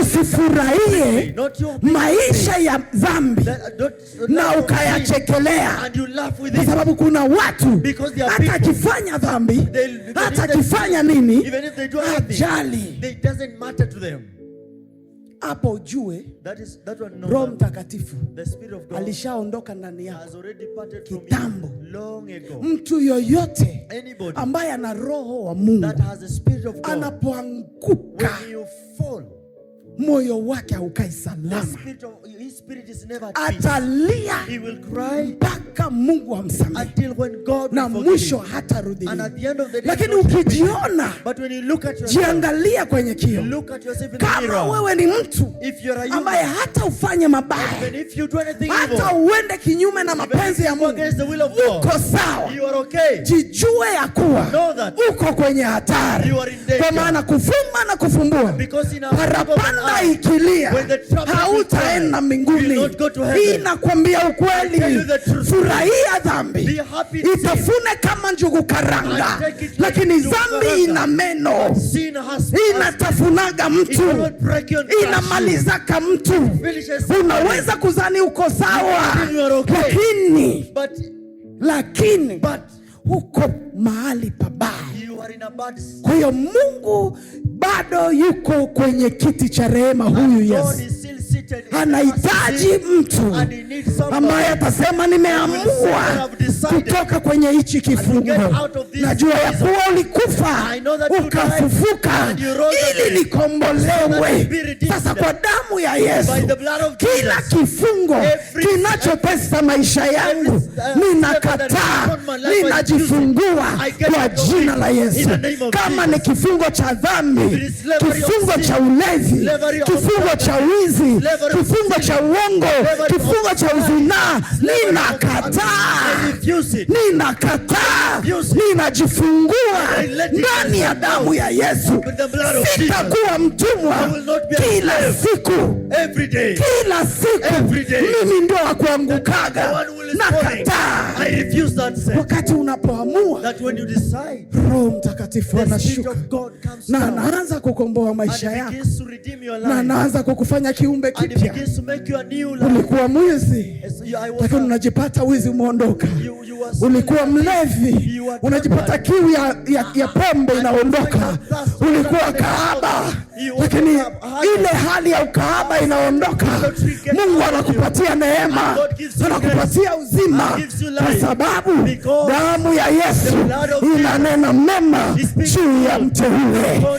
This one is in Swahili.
usifurahie maisha ya dhambi uh, uh, na ukayachekelea, kwa sababu kuna watu atakifanya dhambi atakifanya nini, ajali hapo ujue Roho Mtakatifu alishaondoka ndani yako kitambo. Mtu yoyote ambaye ana roho wa Mungu anapoanguka moyo wake haukai salama, atalia mpaka Mungu amsamehe na mwisho hatarudi. Lakini ukijiona, jiangalia kwenye kio. Kama wewe ni mtu ambaye hata ufanye mabaya, hata uende kinyume na mapenzi ya Mungu, uko sawa. Jijue ya kuwa uko kwenye hatari, kwa maana kufumba na kufumbua parapanda haikilia hautaenda mbinguni. Hii nakwambia ukweli, furahia dhambi, itafune kama njugu karanga, lakini dhambi ina meno, inatafunaga mtu, inamalizaka mtu. Unaweza kuzani uko sawa, lakini lakini uko mahali pabaya. Kwa hiyo Mungu bado yuko kwenye kiti cha rehema. Huyu Yesu anahitaji mtu ambaye atasema nimeamua kutoka kwenye hichi kifungo. Najua ya kuwa ulikufa ukafufuka ili nikombolewe. Sasa kwa damu ya Yesu, kila kifungo kinachopesa maisha yangu ninakataa ninajifungua kwa jina la Yesu. Kama ni kifungo cha dhambi, kifungo cha ulevi, kifungo cha wizi, kifungo cha uongo, kifungo cha uzinaa, ninakataa, ninakataa, ninajifungua ndani ya damu ya Yesu. Sitakuwa mtumwa kila siku, kila siku mimi wa kuangukaga na kataa. Wakati unapoamua, Roho Mtakatifu anashuka na anaanza kukomboa maisha yako na anaanza kukufanya kiumbe kipya. Ulikuwa mwizi, lakini unajipata wizi umeondoka. Ulikuwa mlevi, unajipata kiu ya, ya, ya pombe inaondoka. Ulikuwa kahaba, lakini ile hali ya ukahaba inaondoka. Mungu anakupatia neema, anakupatia uzima, kwa sababu damu ya Yesu inanena mema juu ya mteule.